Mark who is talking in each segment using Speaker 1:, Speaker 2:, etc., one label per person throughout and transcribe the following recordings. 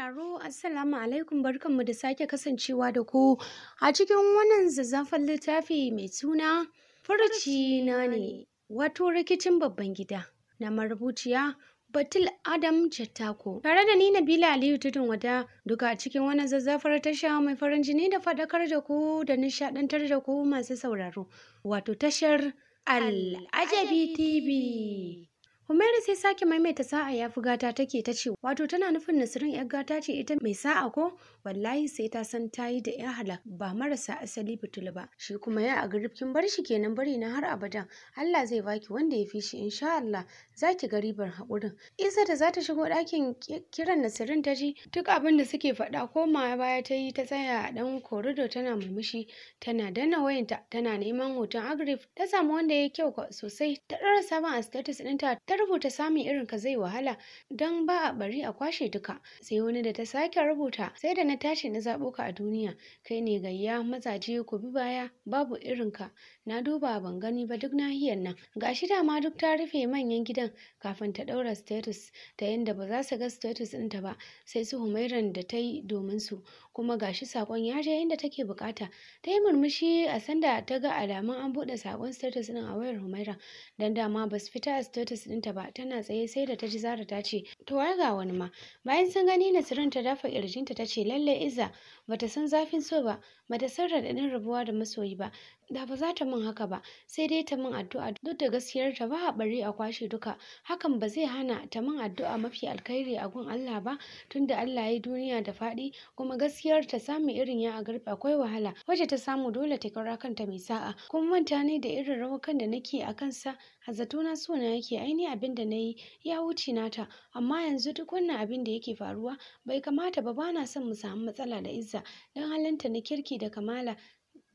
Speaker 1: sauraro Assalamu alaikum barkanmu da sake kasancewa da ku a cikin wannan zazzafan littafi mai suna furci na ne wato rikicin babban gida na marubuciya Batul Adam Chattako tare da ni Nabila Aliyu Tudun wada duka a cikin wannan zazzafar tasha mai farin jini da fadakar da ku da nishadantar da ku masu sauraro wato tashar Al TV Humaira sai sake maimaita sa'a ya fi gata take ta ce wato tana nufin Nasirin yar gata ce ita mai sa'a ko wallahi sai ta san ta yi da yan halak ba marasa asali fitil ba shi kuma ya a kin bar shi kenan bari na har abadan Allah zai baki wanda ya fi shi insha Allah zaki ga ribar haƙurin Isa da ta shigo ɗakin kiran Nasirin ta ji duk abin da suke faɗa koma baya ta yi ta tsaya a dan korido tana murmushi tana danna wayanta tana neman hoton agrif ta samu wanda ya kyau sosai ta ɗora sabon a status ɗinta ta rubuta samun irin ka zai wahala don ba a bari a kwashe duka sai wani da ta sake rubuta sai da na tashi na zaɓo ka a duniya kai ne gayya mazaje ku bi baya babu irin ka na duba ban gani ba duk nahiyar nan gashi dama duk ta rufe manyan gidan kafin ta ɗaura status ta yadda ba za su ga status ɗinta ba sai su humairan da ta yi domin su kuma gashi sakon ya je inda take buƙata, ta yi murmushi a sanda ta ga alamun an buɗe saƙon status din a wayar Humaira dan dama ba su fita a status ɗinta ba tana tsaye sai da ta ji Zara ta ce to wai ga wani ma bayan sun gani Nasirin ta dafa kirjinta ta ce lalle Izza bata san zafin so ba bata san radadin rabuwa da masoyi ba da ba za ta min haka ba sai dai ta min addu'a duk da gaskiyar ta ba a a kwashe duka hakan ba zai hana ta min addu'a mafi alkhairi a gun Allah ba tunda Allah ya yi duniya da faɗi kuma gaskiyar ta samu irin ya a garbe akwai wahala wacce ta samu dole ta kira kanta mai sa'a kuma manta ne da irin rawakan da nake a kansa hazatuna suna yake aini abin da na yi ya wuce nata amma yanzu duk wannan abin da yake faruwa bai kamata ba bana son mu samu matsala da izza don halinta na kirki da kamala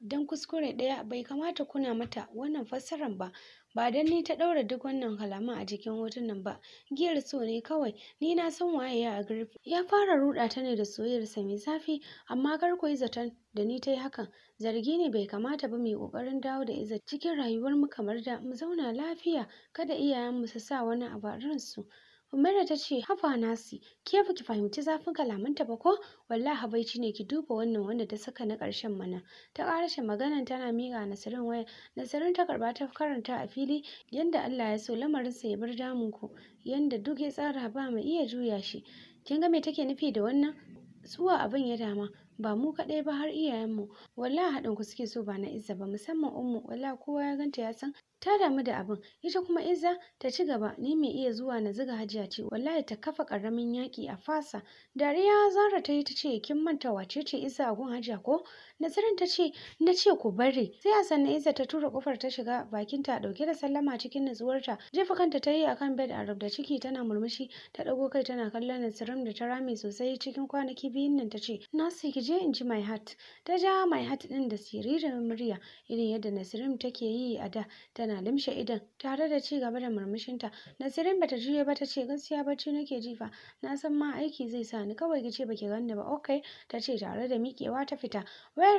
Speaker 1: don kuskure ɗaya bai kamata kuna mata wannan fassarar ba ba dan ni ta ɗaura duk wannan kalaman a jikin hotunan ba giyar so ne kawai ni na san waye ya agrifi ya fara ruɗa ta ne da soyayyarsa mai zafi amma kar ku yi zaton da ni ta yi hakan zargi ne bai kamata ba mai kokarin ƙoƙarin dawo da izar cikin rayuwar mu kamar da mu zauna lafiya kada iyayen mu su sa wani abu a Umaira ta ce hafa nasi ke ki fahimci zafin kalamanta ba ko wallahi habaici ne ki duba wannan wanda ta saka na ƙarshen mana ta ƙarashe maganan tana miƙa Nasirin waya Nasirin ta karba ta karanta a fili yanda Allah ya so lamarin sa ya bar damun ku yanda duk ya tsara ba mai iya juya shi kin ga me take nufi da wannan zuwa abin ya dama ba mu kaɗai ba har iyayenmu walla haɗin ku suke so ba na izza ba musamman ummu walla kowa ya ganta ya san ta damu da abin ita kuma izza ta ci gaba ni mai iya zuwa na ziga hajiya ce wallahi ta kafa ƙaramin yaƙi a fasa dariya zara ta yi ta ce kin manta wace ce izza a gun hajiya ko nazarin ta ce na ce ku bari sai a sanna iza ta tura kofar ta shiga bakin ta dauke da sallama cikin nutsuwarta jefa kanta ta yi akan bed a rubda ciki tana murmushi ta dago kai tana kallon nasirin da ta rame sosai cikin kwanaki biyun nan ta ce na sai ki je in ji my heart ta ja my heart din da siririn murya irin yadda nasirim take yi a da tana limshe idan tare da ci gaba da murmushin ta nasirin bata juye ba ta ce gaskiya bacci nake jifa na san ma aiki zai sa ni kawai ki ce baki ganni ba okay ta ce tare da miƙewa ta fita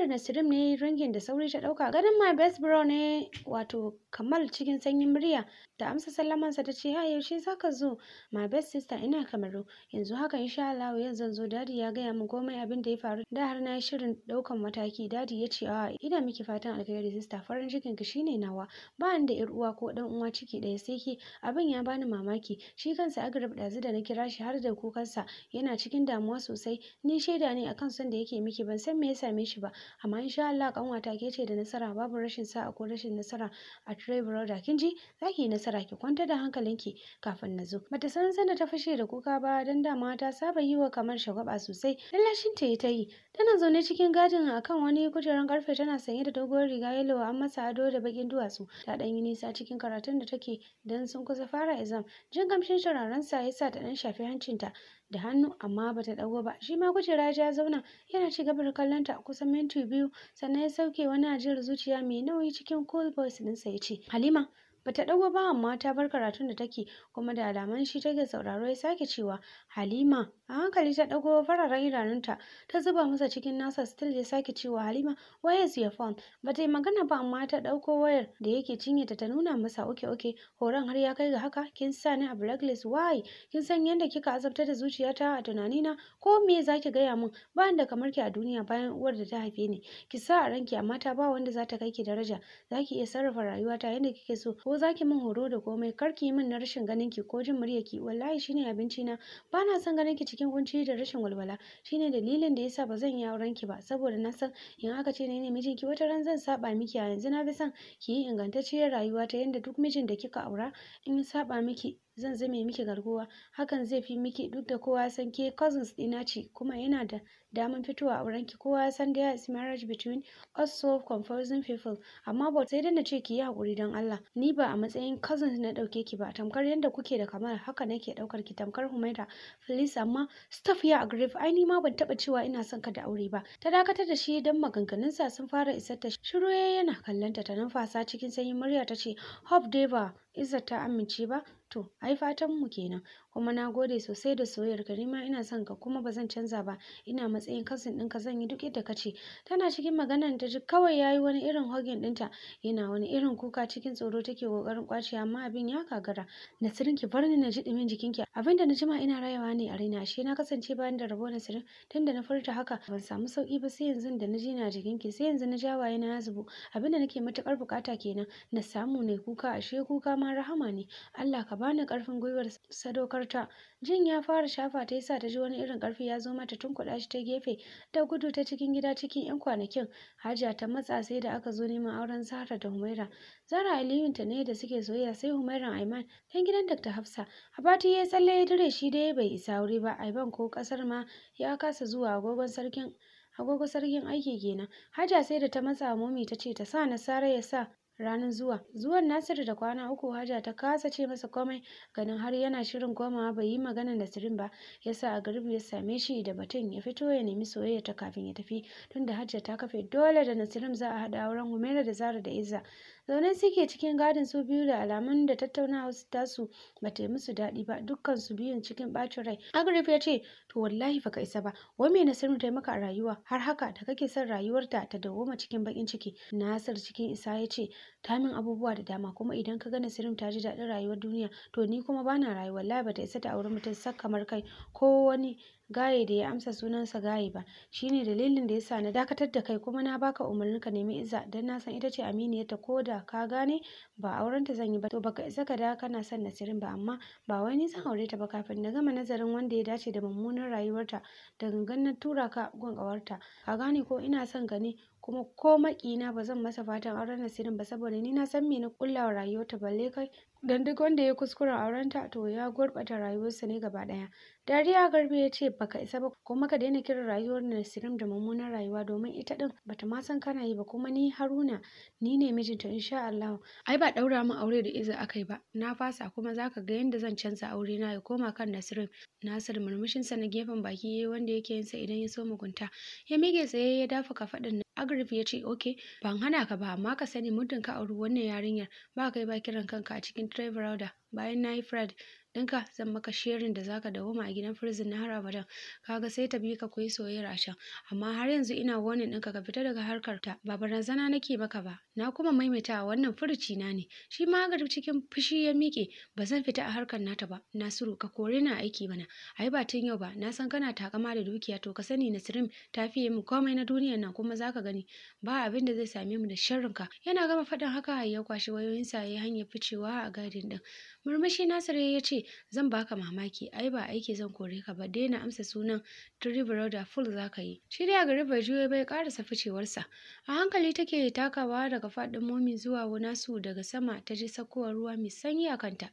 Speaker 1: na sirim ne ringin da sauri ta ɗauka. Ganin my best bro ne wato Kamal cikin sanyin murya da amsa sallamansa ta ce hai yaushe zaka zo my best sister ina Kamaru yanzu haka insha Allah yau zan zo dadi ya gaya min komai abin da ya faru da har na shirin ɗaukan mataki dadi ya ce a ina miki fatan alkhairi sister farin cikin ki shine nawa ba ni da yar uwa ko dan uwa ciki ɗaya sai ki abin ya bani mamaki shi kansa Agrab ɗazu da na kira shi har da kukansa yana cikin damuwa sosai ni shaida ne akan son da yake miki ban san me ya same shi ba amma insha Allah ƙanwa ke ce da nasara babu rashin sa'a ko rashin nasara a Trey Brother kin ji za ki yi nasara ki kwanta da hankalinki kafin na zo bata san sanda ta fashe da kuka ba dan dama ta saba yi wa kamar shagwaba sosai lallashin ta yi ta yi tana zaune cikin gadin akan wani kujeran karfe tana sanye da doguwar riga yellow an masa ado da bakin duwatsu ta dan yi nisa cikin karatun da take dan sun kusa fara exam jin gamshin shiraren sa yasa ta dan shafi hancinta da hannu amma bata ɗago ba shi ma kujera ya zauna yana ci gaba da kallon ta kusan minti biyu sannan ya sauke wani ajiyar zuciya mai nauyi cikin cool voice ɗinsa ya ce halima bata ɗago ba amma ta bar karatun da take kuma da alaman shi take sauraro ya sake cewa halima a hankali ta ɗago fararen idanunta ta zuba masa cikin nasa still ya sake cewa halima where's ya phone ba ta yi magana ba amma ta ɗauko wayar da yake cinye ta ta nuna masa oke oke horon har ya kai ga haka kin sa ni a blacklist why kin san yadda kika azabtar da zuciyata a tunanina ko me za ki gaya min ba da kamar ki a duniya bayan uwar da ta haife ni ki sa a ranki amma ta ba wanda za ta kai ki daraja za ki iya sarrafa rayuwata yadda kike so ko za zaki min horo da komai kar ki yi min na rashin ganin ki ko jin murya ki wallahi shine abinci na ba na son ganin ki cikin kunci da rashin walwala shine dalilin da yasa ba zan yi auren ki ba saboda na san in aka ce ni ne ki wata ran zan saba miki a yanzu na fi son ki yi ingantacciyar rayuwa ta yanda duk mijin da kika aura in ya saba miki zan zame miki garkuwa hakan zai fi miki duk da kowa san ke cousins dina ce kuma yana da damar fitowa auren ki kowa san da is marriage between us so confusing people amma ba sai na ce ki yi haƙuri don Allah ni ba a matsayin cousins na ɗauke ki ba tamkar yadda kuke da kamar haka nake ɗaukar ki tamkar Humaira please amma staff ya agree ai ni ma ban taba cewa ina son ka da aure ba ta dakatar da shi maganganun sa sun fara isar ta shiru yana kallonta ta numfasa cikin sanyin murya ta ce Hope Deva Izzat ta amince ba to ai fatan mu kenan kuma na gode sosai da soyayyar ka nima ina son ka kuma ba zan canza ba ina matsayin kasin ɗinka zan yi duk yadda ka ce tana cikin maganar ta ji kawai ya yi wani irin hogin ɗinta yana wani irin kuka cikin tsoro take ƙoƙarin kwace amma abin ya kagara nasirin ki bar ni na ji ɗumin ki. abinda na jima ina rayuwa ne a raina shi na kasance bayan da rabo nasirin tunda na furta haka ban samu sauki ba sai yanzu da na ji na ki. sai yanzu na waye na zubo abinda nake matuƙar buƙata kenan na samu ne kuka ashe kuka ma rahama ne Allah ka bani ƙarfin gwiwar sadaukar ta jin ya fara shafa ta yasa ta ji wani irin karfi ya zo mata tun kuɗa shi ta gefe ta gudu ta cikin gida cikin yan kwanakin hajiya ta matsa sai da aka zo neman auren zahra da humaira zara aliyun ta ne da suke soyayya sai humairan aiman ɗan gidan dr hafsa abati ya tsalle ya dire shi dai bai isa wuri ba aiban ko kasar ma ya kasa zuwa agogon sarkin agogo sarkin aiki kenan hajiya sai da ta matsa momi ta ce ta sa nasara ya sa ranar zuwa zuwan nasiru da kwana uku haja ta kasa ce masa komai ganin har yana shirin komawa bai yi magana da sirin ba yasa a garbi ya same shi da batun ya fito ya nemi soyayya ta kafin ya tafi tunda hajja ta kafe dole da nasirin za a hada auren humaira da zara da izza zaune suke cikin gadin su biyu da alamun da tattaunawa su tasu ba ta yi musu daɗi ba dukkan su biyun cikin ɓacin rai agrif ya ce to wallahi baka isa ba wai me nasiru ta maka a rayuwa har haka da kake son rayuwarta ta dawoma cikin bakin ciki nasir cikin isa ya ce ta min abubuwa da dama kuma idan ka ga nasirin ta ji daɗin rayuwar duniya to ni kuma bana rayuwa wallahi bata isa ta auri mutum sak kamar kai ko wani gaye da ya amsa sunansa gaye ba shine dalilin da ya sa na dakatar da kai kuma na baka umarnin ka nemi izza dan na san ita ce aminiyarta ko da ka gane ba aurenta zan yi ba to baka isa ka da kana son Nasirin ba amma ba wai ni zan aure ta ba kafin na gama nazarin wanda ya dace da mummunar rayuwarta da gangan na tura ka gun ƙawarta ka gane ko ina son ka ne kuma ko makina ba zan masa fatan auren Nasirin ba saboda ni na san me na kullawa rayuwarta balle kai don duk wanda ya kuskura aurenta to ya gurɓata rayuwarsa ne gaba ɗaya dariya garbi ya ce baka isa ba kuma ka daina kiran rayuwar nasirim da mummunan rayuwa domin ita din bata ma san kana yi ba kuma ni haruna ni ne mijinta insha Allah ai ba daura min aure da iza akai ba na fasa kuma zaka ga yadda zan canza aure na ya koma kan nasirim nasir murmushin sa na gefen baki yayi wanda yake yin sa idan ya so mugunta ya mige tsaye ya dafa kafadin agrif ya ce oke ban hana ka ba amma ka sani muddin ka auri wannan yarinyar ba kai ba kiran kanka a cikin bakin direban bayan na yi Friday. ɗinka zan maka sherin da zaka ma a gidan firzin na har abadan kaga sai ta bi ka koyi soyayya a can amma har yanzu ina warning ɗinka ka fita daga harkar ta ba barazana nake maka ba na kuma maimaita wannan furuci na ne shi ma ga cikin fushi ya miƙe ba zan fita a harkar nata ba nasiru ka kore a aiki bana. ai ba tun yau ba na san kana takama da dukiya to ka sani nasirim ta fiye mu komai na duniyar nan kuma zaka gani ba abin da zai same mu da ka. yana gama faɗin haka ya kwashi wayoyinsa ya hanyar ficewa a gadin ɗin murmushi nasiru ya ce zan baka mamaki ai ba aiki zan kore ka ba daina amsa sunan three brother full zaka yi shi dai a gari bai bai karasa ficewarsa a hankali take takawa daga fadin momi zuwa nasu daga sama ta ji sakowar ruwa mai sanyi a kanta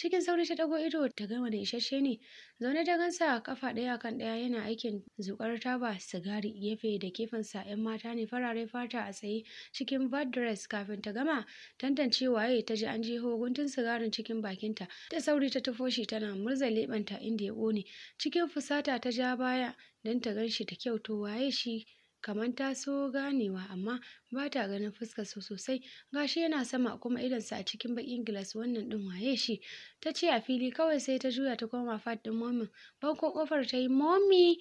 Speaker 1: cikin sauri ta dago ido ta gama da isasshe ne zaune ta gansa kafa ɗaya kan ɗaya yana aikin zukar taba sigari gefe da sa yan mata ne farare fata a tsaye cikin bad dress kafin ta gama tantance waye ta ji an ji guntun sigarin cikin bakinta ta sauri ta tufo shi tana murza leɓanta inda ya ƙone cikin fusata ta ja baya don ta gan shi da kyau to waye shi kamar ta so ganewa amma ba ta ganin fuskarsa sosai gashi yana sama kuma idonsa a cikin bakin gilas wannan din waye shi ta ce a fili kawai sai ta juya ta koma fat din momin bako kofar ta yi momi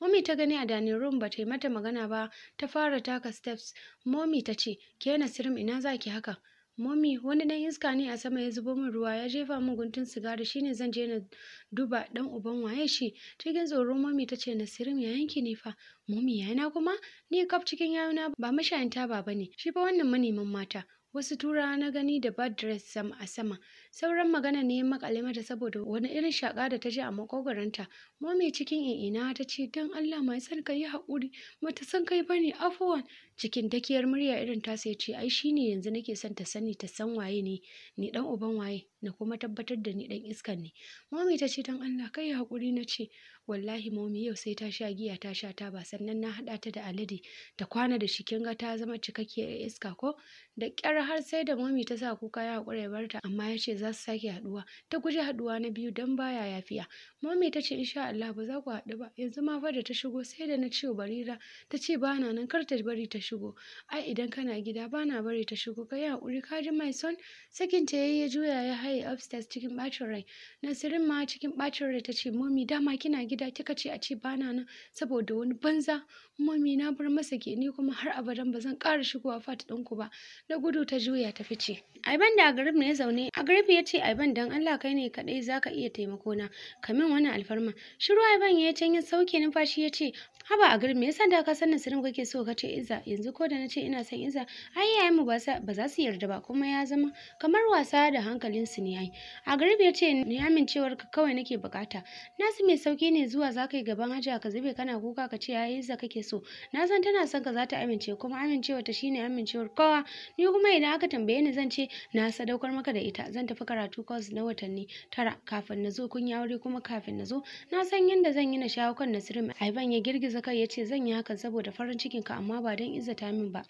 Speaker 1: Mommy ta gani a dining room ba ta yi mata magana ba ta fara taka steps. momi ta ce, "Ke sirim ina zaki haka?" Mummy, wani dan iska ne a sama ya zubo min ruwa ya jefa min guntun sigari shine zan je na duba dan uban waye shi. Cikin tsoro mummy ta ce Nasirim ya yanke ne fa. ya na kuma ni kaf cikin yayuna ba mashayin taba bane. Shi fa wannan manemin mata. Wasu tura na gani da bad dress a sama. sauran magana ne makale mata saboda wani irin shaka da ta ji a makogwaronta momi cikin ina ta ce dan Allah mai san ka yi mata san kai bane afwan cikin takiyar murya irin ta sai ce ai shine yanzu nake son ta sani ta san waye ne ni dan uban waye na kuma tabbatar da ni dan iskan ne momi ta ce dan Allah kai hakuri na ce wallahi momi yau sai ta sha giya ta sha ta ba sannan na hada ta da alade ta kwana da shi kin ga ta zama cikakkiyar iska ko da kyar har sai da momi ta sa kuka ya haƙura ya barta amma ya ce za su sake haɗuwa ta guji haɗuwa na biyu don baya yafiya mami ta ce insha Allah ba za ku haɗu ba yanzu ma fa da ta shigo sai da na ce barira ta ce ba nan kar ta bari ta shigo ai idan kana gida bana bari ta shigo ka yi haƙuri ka ji mai son sakin ta yayi ya juya ya haye upstairs cikin bacin rai nasirin ma cikin bacin rai ta ce mami dama kina gida kika ce a ce ba nan saboda wani banza mami na bar masa ke ni kuma har abadan ba zan ƙara shigowa fat ɗanku ba na gudu ta juya ta fice ai ban da a garib ne zaune a garib Nafi ya ce Aiban dan Allah kai ne kaɗai zaka iya taimako na kamin wani alfarma. Shiru Aiban ya can ya sauke numfashi ya ce haba a garin me yasa da ka sanin sirrin kake so ka ce iza yanzu ko da na ce ina son iza ai yayin mu ba za su yarda ba kuma ya zama kamar wasa da hankalin su ne yayi a garib ya ce ni amincewar ka kawai nake bukata nasu mai sauki ne zuwa za gaban haja ka zube kana kuka ka ce yayi Izza kake so na san tana son ka za ta amince kuma amincewa ta shine amincewar kowa ni kuma idan aka tambaye ni zan ce na sadaukar maka da ita zan tafi karatu course na watanni tara kafin na zo kun yi aure kuma kafin na zo na san yadda zan yi na shawo kan Nasirim Aiban ya girgiza girgiza kai ya zan yi hakan saboda farin cikin ka amma ba don izzata min ba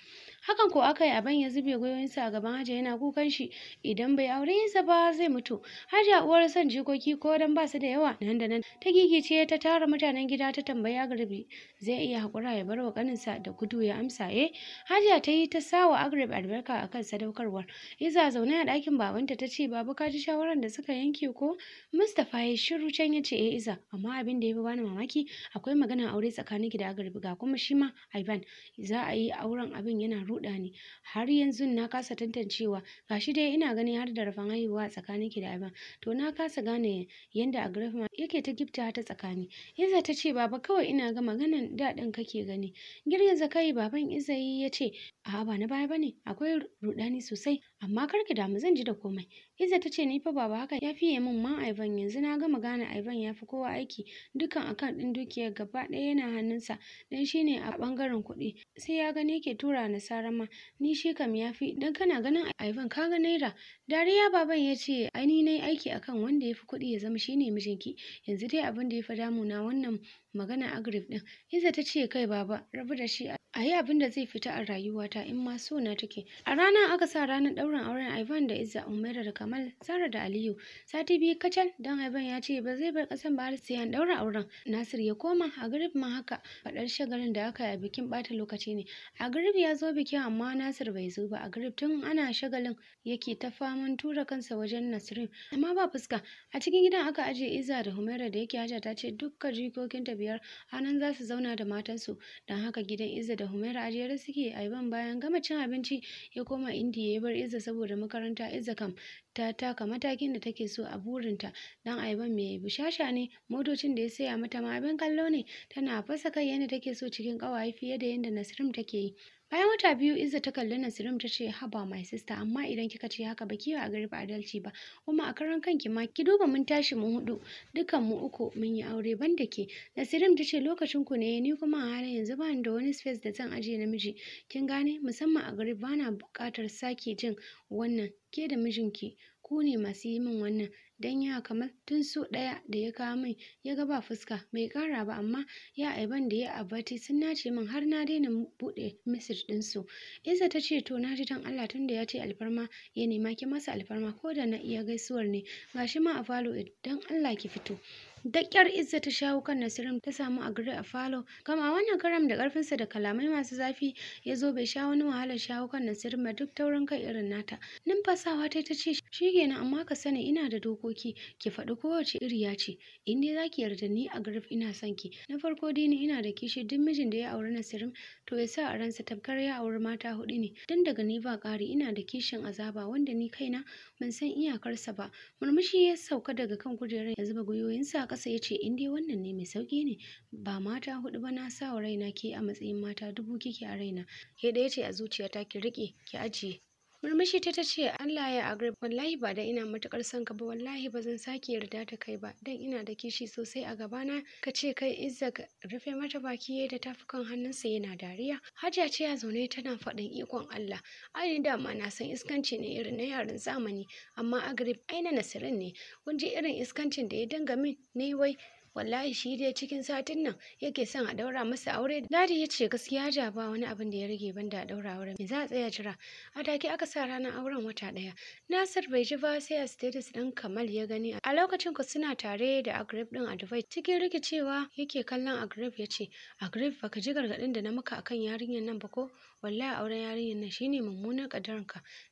Speaker 1: hakan ko aka yi aban ya zube gwiwoyinsa a gaban hajiya yana kukan shi idan bai aure sa ba zai mutu hajiya uwar son jikoki ko dan ba su da yawa nan da nan ta gigice ta tara mutanen gida ta tambaya garbi zai iya hakura ya bar wa kaninsa da gudu ya amsa eh hajiya ta yi ta sawa agrib albarka akan sadaukarwar iza zaune a ɗakin babanta ta ce babu ka ji shawaran da suka yanke ko mustapha ya shiru can ya ce eh iza amma abin da ya fi bani mamaki akwai magana aure tsakanin tsakaninki da agarbi ga kuma shi ma Ivan za a yi auren abin yana ruɗa ne. har yanzu na kasa tantancewa gashi dai ina ganin har da rafan haihuwa tsakaninki da Ivan to na kasa gane yanda agarbi ma yake ta gifta ta tsakani Iza ta ce baba kawai ina ga maganan daɗin kake gani girgiza kai baban Iza ya ce a'a ba na baya bane akwai ruɗani sosai amma kar ki damu zan ji da komai Izza ta ce ni fa baba haka ya fiye min ma Ivan yanzu na gama gane Ivan ya fi kowa aiki dukan akan ɗin dukiyar gaba ɗaya yana hannunsa dan shine a ɓangaren kuɗi sai ya gani ke tura nasara ma ni shi kam ya fi dan kana ganin Ivan ka ga naira dariya baban ya ce ai ni nayi aiki akan wanda ya fi kuɗi ya zama shine mijinki yanzu dai abin da ya fi damu na wannan magana agrif ɗin Izza ta ce kai baba rabu da shi a yi abin da zai fita a rayuwata in ma so na take a ranar aka sa ranar ɗaurin auren ivan da izza umaira da kamal zara da aliyu sati biyu kacal don ivan ya ce ba zai bar ƙasan ba har sai an ɗaura auren nasir ya koma a garib ma haka faɗar shagalin da aka yi a bikin ɓata lokaci ne a garib ya zo bikin amma nasir bai zo ba a garib tun ana shagalin yake ta faman tura kansa wajen nasirin amma ba fuska a cikin gidan aka ajiye izza da Humaira da yake haja ta ce dukkan jikokinta biyar anan za su zauna da matansu don haka gidan izza da Humaira ajiyar suke aiban bayan gama cin abinci ya koma indiya ya bar Izza saboda makaranta Izza kam ta taka matakin da take so a burinta dan aiban mai bushasha ne motocin da ya saya mata ma abin kallo ne tana fasa kai yadda take so cikin ƙawaye fiye da yadda Nasrim take yi Bayan wata biyu Izza ta kalli Nasirim ta ce haba my sister amma idan kika ce haka ba kiwa a gari ba adalci ba kuma a karan kanki ma ki duba mun tashi mu hudu dukan mu uku mun yi aure ban da ke Nasirim ta ce lokacin ku ne ni kuma a halin yanzu ba ni da wani space da zan ajiye namiji kin gane musamman a gari bana buƙatar sake jin wannan ke da mijinki ku ne masu yi min wannan dan ya kamar tun so ɗaya da ya kawo min ya ga ba fuska bai ƙara ba amma ya aiban da ya abati sun nace min har na daina buɗe message ɗinsu Isa ta ce to na ji dan Allah tunda da ya ce alfarma ya nema ki masa alfarma ko da na iya gaisuwar ne gashi ma a falo idan Allah ki fito Da ƙyar Izza ta shawo kan nasirin ta samu agri a falo, kama wannan karam da karfinsa da kalamai masu zafi ya zo bai sha wani wahalar shawo kan nasirin ba duk taurin kai irin nata. Numfasawa ta ta ce shi kenan amma ka sani ina da dokoki ki faɗi kowace ya ce in dai za ki yarda ni a garif ina son ki. Na farko dai ni ina da kishi duk mijin da ya auri nasirin to ya sa a ransa tabkar ya auri mata hudu ne. Dan daga ni ba ƙari ina da kishin azaba wanda ni kaina ban san iyakarsa ba. Murmushi ya sauka daga kan kujerar ya zuba gwiwoyinsa ƙasa ya ce in dai wannan ne mai sauƙi ne ba mata huɗu ba na sa wa raina ke a matsayin mata dubu kike a raina ke ɗaya ce a zuciyata ki riƙe ki ajiye murmushi ta ta ce Allah ya agree wallahi ba da ina matukar son ka ba wallahi ba zan sake yarda da kai ba dan ina da kishi sosai a gabana ka ce kai izza rufe mata baki da tafukan hannunsa yana dariya hajiya ce ya zaune tana faɗin ikon Allah ai da ma na san iskanci ne irin na yaren zamani amma agrib ai na nasirin ne kun ji irin iskancin da ya danga min ne wai wallahi shi dai cikin satin nan yake son a daura masa aure Ladi ya ce gaskiya ja ba wani abin da ya rage ban da a daura auren me za a tsaya jira a take aka sa ranar auren wata daya nasir bai ji ba sai a status din kamal ya gani a lokacin ku suna tare da agrib din a dubai cikin rikicewa yake kallon agrib ya ce agrib baka ji gargadin da na maka akan yarinyar nan ba ko wallahi auren yarinyar nan shine mummunar ka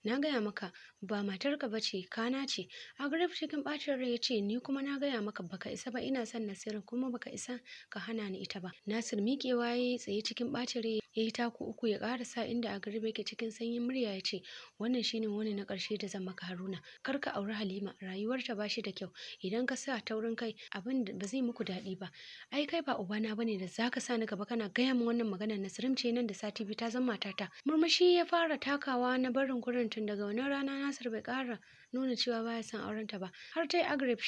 Speaker 1: na gaya maka ba matarka bace kana ce agrib cikin bacin rai ya ce ni kuma na gaya maka baka isa ba ina son wannan kuma baka isa ka hana ni ita ba nasir miƙewa ya tsaye cikin ɓacin rai ya yi taku uku ya ƙarasa inda a garbe ke cikin sanyin murya ya ce wannan shine wani na ƙarshe da zan maka haruna kar ka auri halima rayuwarta ba shi da kyau idan ka sa taurin kai abin ba zai muku daɗi ba ai kai ba ubana bane da zaka sa ni gaba kana gaya min wannan maganar nasirim ce nan da sati biyu ta zama matata murmushi ya fara takawa na barin gurin tun daga wannan rana nasir bai ƙara nuna cewa baya son aurenta ba har ta yi agrib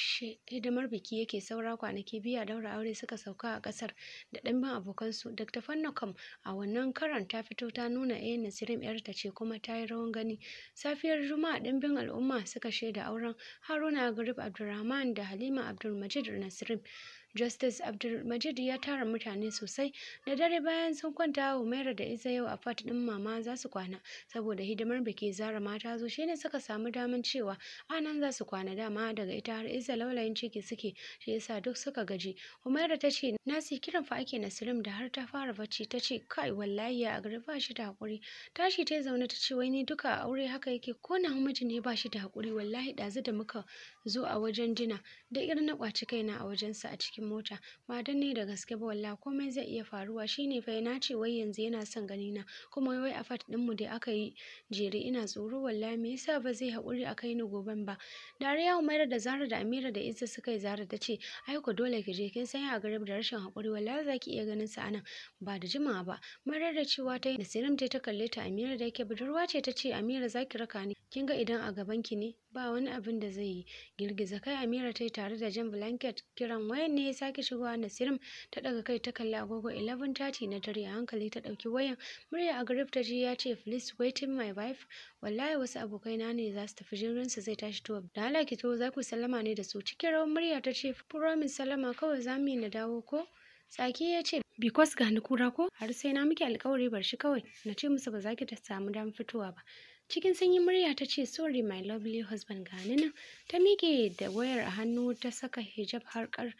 Speaker 1: hidimar biki yake saura kwanaki biya a daura aure suka sauka a kasar da ɗimbin abokansu dr fannacom a wannan karan ta fito ta nuna eh nasirim yarta ce kuma ta yi rawan gani safiyar juma'a ɗimbin al'umma suka shaida auren haruna agrib abdulrahman da halima abdulmajid nasirim Justice Abdulmajid ya tara mutane sosai. Da dare bayan sun kwanta Humaira da Isa yau a fat din mama za su kwana saboda hidimar biki Zara ma ta zo shine suka samu daman cewa anan za su kwana dama daga ita har Isa laulayin ciki suke shi yasa duk suka gaji. umaira ta ce na Nasi kiran fa ake Nasrim da har ta fara bacci ta ce kai wallahi ya agri ba shi da hakuri. Tashi ta zaune ta ce wai ni duka aure haka yake ko na miji ne ba shi da hakuri wallahi ɗazu da muka zo a wajen jina. da irin na kwaci kaina a wajen sa a ciki. cikin mota ba dan ne da gaske ba wallahi komai zai iya faruwa shine fa na ce wai yanzu yana son gani na kuma wai a fat din mu da aka yi jere ina tsoro wallahi me yasa ba zai haƙuri a kai ni goben ba dariya Umaira da Zara da Amira da Izza suka yi Zara ta ce ai ku dole ki je kin san a garib da rashin haƙuri wallahi zaki iya ganin sa anan ba da jimawa ba Umaira da cewa ta yi Nasirim ta kalle ta Amira da yake budurwa ce ta ce Amira zaki raka ni kin ga idan a gaban ki ne ba wani abin da zai yi girgiza kai Amira ta yi tare da jan blanket kiran wayan ne ya sake shigowa nasiru ta daga kai ta kalli agogo 11:30 na dare a hankali ta dauki wayan murya a grip ta ji ya ce please waiting my wife wallahi wasu abokai na ne za tafi jirgin su zai tashi to da Allah ki to za sallama ne da su cikin rawan murya ta ce promise sallama kawai za mu na dawo ko tsaki ya ce because ga ni kura ko har sai na miki alkawari bar shi kawai na ce musu ba za ki ta samu daman fitowa ba cikin sanyin murya ta ce sorry my lovely husband gani nan ta miƙe da wayar a hannu ta saka hijab harkar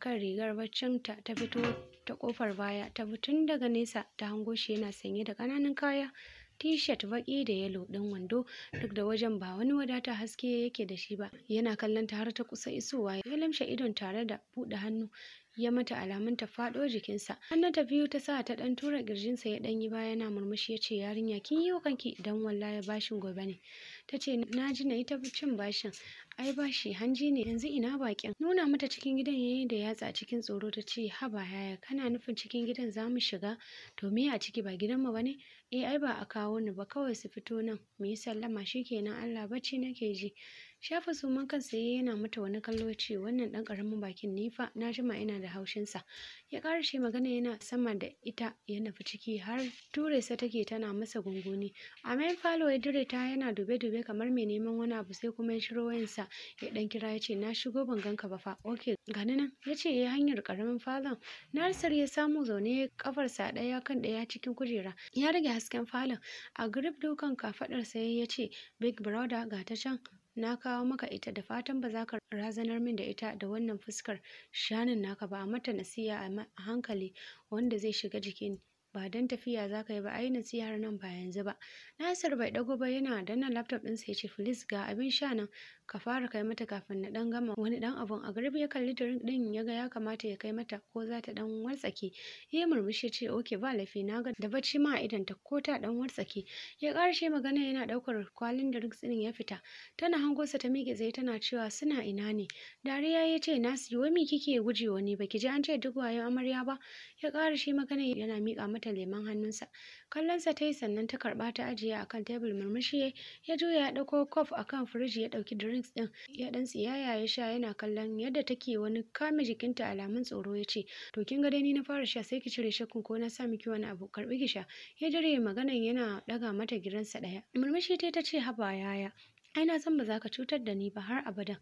Speaker 1: kan rigar baccin ta ta fito ta kofar baya ta tun daga nesa ta hango shi yana sanye da ƙananan kaya t-shirt baƙi da yalo ɗin wando duk da wajen ba wani wadata haske yake da shi ba yana kallon ta har ta kusa isowa ya lamshe idon tare da buɗe hannu ya mata alamun ta faɗo jikinsa hannun ta biyu ta sa ta ɗan tura ƙirjinsa ya ɗan yi baya yana murmushi ya ce yarinya kin yi wa kanki dan wallahi bashin gobe ne ta ce na ji na yi ta cin bashin ai ba shi hanji ne yanzu ina bakin nuna mata cikin gidan yayi da yatsa cikin tsoro ta ce haba yaya kana nufin cikin gidan za mu shiga to me a ciki ba gidan mu ne? eh ai ba a kawo ni ba kawai su fito nan mu yi sallama shi kenan Allah bacci nake ji shafa suman kansa yayi yana mata wani kallo ce wannan dan karamin bakin ni fa na jima ina da haushin sa ya karshe magana yana sama da ita ya nufi ciki har ture sa take tana masa gunguni a main falo ya dure ta yana dube dube kamar mai neman wani abu sai kuma ya shiro wayansa sa ya dan kira yace ce na shigo ban ganka ba fa okay gani nan ya ce yayi eh, hanyar karamin falon nasir ya samu zaune kafarsa daya kan daya cikin kujera ya rage hasken falon a grip dukan kafadar sai ya ce big brother ga ta can na kawo maka ita da fatan ba za ka razanar min da ita da wannan fuskar shanin naka ba a mata nasiya a hankali wanda zai shiga jikin ba dan tafiya za ka yi ba ai nasihar nan ba yanzu ba nasir bai dago ba yana danna laptop ɗinsa ya ce filis ga abin sha nan ka fara kai mata kafin na ɗan gama wani dan abun a garbi ya kalli drink din ya ga ya kamata ya kai mata ko za ta dan wartsake ya murmushi ce oke ba lafi na ga da bacci ma a idan ta ko ta dan wartsake ya karshe magana yana ɗaukar kwalin drinks din ya fita tana hango sa ta mike zai tana cewa suna ina ne dariya ya ce na nasi mi kike guje wani baki ji an ce duk wayo amarya ba ya karshe magana yana mika mata leman hannunsa kallonsa ta yi sannan ta karɓa ta ajiye akan kan tebul murmushi ya juya ya ɗauko kof akan kan firiji ya ɗauki drinks ɗin ya ɗan tsiyaya ya sha yana kallon yadda take wani kame jikinta alamun tsoro ya ce to kin ga dai ni na fara sha sai ki cire shakkun ko na sa miki wani abu karɓi ki sha ya jire maganan yana ɗaga mata gidansa ɗaya murmushi ta ce haba yaya ai na san ba za ka cutar da ni ba har abadan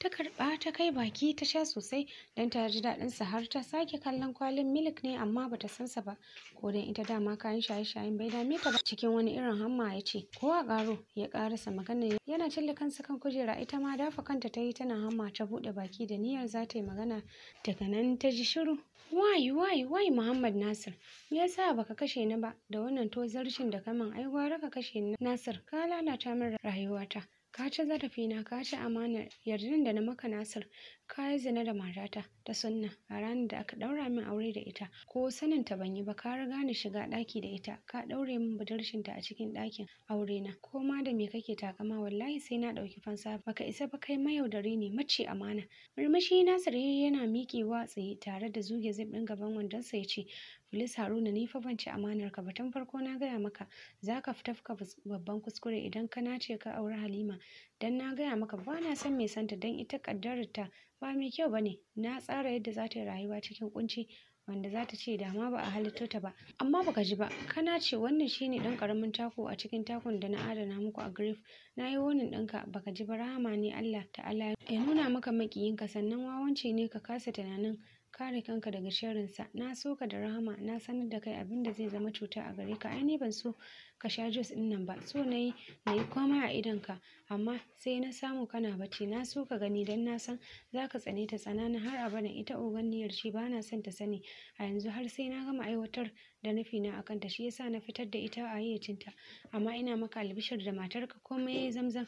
Speaker 1: ta karba ta kai baki ta sha sosai don ta ji daɗin sa har ta sake kallon kwalin milk ne amma bata san sa ba ko dan ita dama kayan shaye-shayen bai dame ta ba cikin wani irin hamma ya ce ko a ƙaro ya ƙarasa magana yana cille kansa kan kujera ita ma dafa kanta ta yi tana hamma ta buɗe baki da niyyar za ta yi magana daga nan ta ji shiru wai wai wai muhammad nasir me yasa baka kashe ni ba da wannan tozarcin da kaman ai gwara ka kashe ni nasir ka lalata min rayuwata ka ci zarafina ka ci amanar yardan da na maka nasir ka yi zina da matata ta sunna a ranar da aka ɗaura min aure da ita ko sanin ta ban yi ba ka riga ni shiga ɗaki da ita ka ɗaure min ta a cikin ɗakin aure na ko ma da me kake takama wallahi sai na ɗauki fansa baka isa ba kai mayaudari ne mace amana murmushi nasir yana miƙewa tsaye tare da zuge zubin gaban wandonsa ya ce Bilis Haruna ni fa ban ci amanar ka ba tun farko na gaya maka za ka fita fuka babban kuskure idan ka nace ka auri Halima dan na gaya maka ba na son mai santa dan ita ta, ba mai kyau bane na tsara yadda za ta yi rayuwa cikin kunci wanda za ta ce da ma ba a halitto ta ba amma baka ji ba kana ce wannan shine dan karamin tako a cikin takun da na adana muku a grief na yi wannan ɗinka baka ji ba rahama ne Allah ta'ala ya nuna maka makiyinka sannan wawanci ne ka kasa tunanin kare kanka daga sharrinsa na so ka da rahama na sanar da kai abin da zai zama cuta a gare ka aini ban so ka sha jos din nan ba so na yi na yi komai a idonka amma sai na samu kana bacci na so ka gani don na san za ka tsane ta tsanana har a abada ita ogan niyyar shi ba na son ta sani a yanzu har sai na gama aiwatar da nufi na a kanta shi yasa na fitar da ita a yayyacinta amma ina maka albishir da matarka komai ya yi zamzam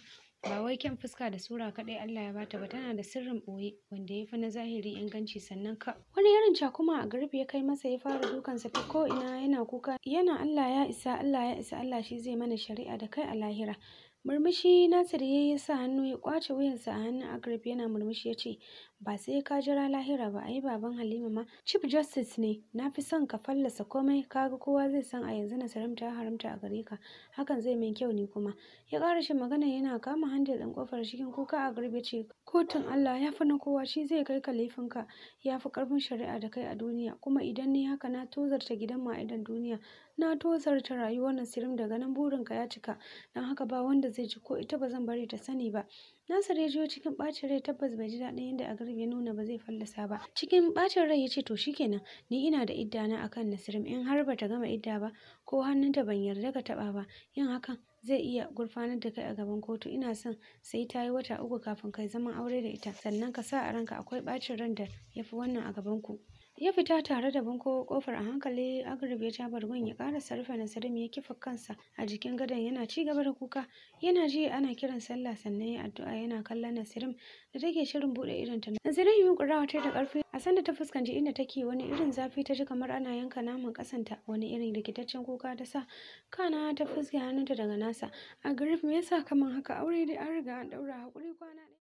Speaker 1: ba wai kyan fuska da sura kaɗai Allah ya bata ba tana da sirrin ɓoye wanda ya fi na zahiri inganci sannan ka wani irin cakuma a garbi ya kai masa ya fara dukansa ta ko ina yana kuka yana Allah ya isa Allah ya isa Allah shi zai mana shari'a da kai a lahira Murmushi Nasir ya yi sa hannu ya kwace wuyansa a hannun Agrib yana murmushi ya ce, Ba sai ka jira lahira ba, ai baban Halima ma. Chief Justice ne, na fi son ka fallasa komai, kaga kowa zai san a yanzu Nasaram ya haramta a gare ka, hakan zai mai kyau ne kuma. Ya ƙara shi magana yana kama handil ɗin ƙofar cikin kuka Agrib ya ce, Kotun Allah ya fi na kowa shi zai kai ka laifinka, ya fi ƙarfin shari'a da kai a duniya, kuma idan ni haka na tozarta gidan ma'aidan duniya, na tozarta rayuwar Nasirim daga nan burinka ya cika don haka ba wanda zai ji ko ita ba zan bari ta sani ba Nasir ya jiyo cikin ɓacin rai tabbas bai ji daɗin yadda Agrib ya nuna ba zai fallasa ba cikin ɓacin rai ya ce to shikenan ni ina da idda na akan Nasirim in har ba ta gama idda ba ko hannunta ban yarda ka taɓa ba yin hakan zai iya gurfanar da kai a gaban kotu ina son sai ta yi wata uku kafin kai zaman aure da ita sannan ka sa a ranka akwai ɓacin ran da ya fi wannan a gaban ku ya fita tare da banko kofar a hankali agrib ya ja bargon ya ƙara sarfa nasirim ya kifa kansa a jikin gadon yana ci gaba da kuka yana ji ana kiran sallah sannan ya addu'a yana kallon nasirim da take shirin bude irin ta nasirim ya kura ta da ƙarfi a sanda ta fuskanci inda take wani irin zafi ta ji kamar ana yanka naman kasanta wani irin rikitaccen kuka ta sa kana ta fuske hannunta daga nasa agrib me yasa kaman haka aure dai an riga an ɗaura haƙuri kwana ɗaya